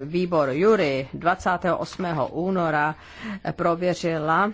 výbor Jury 28. února prověřila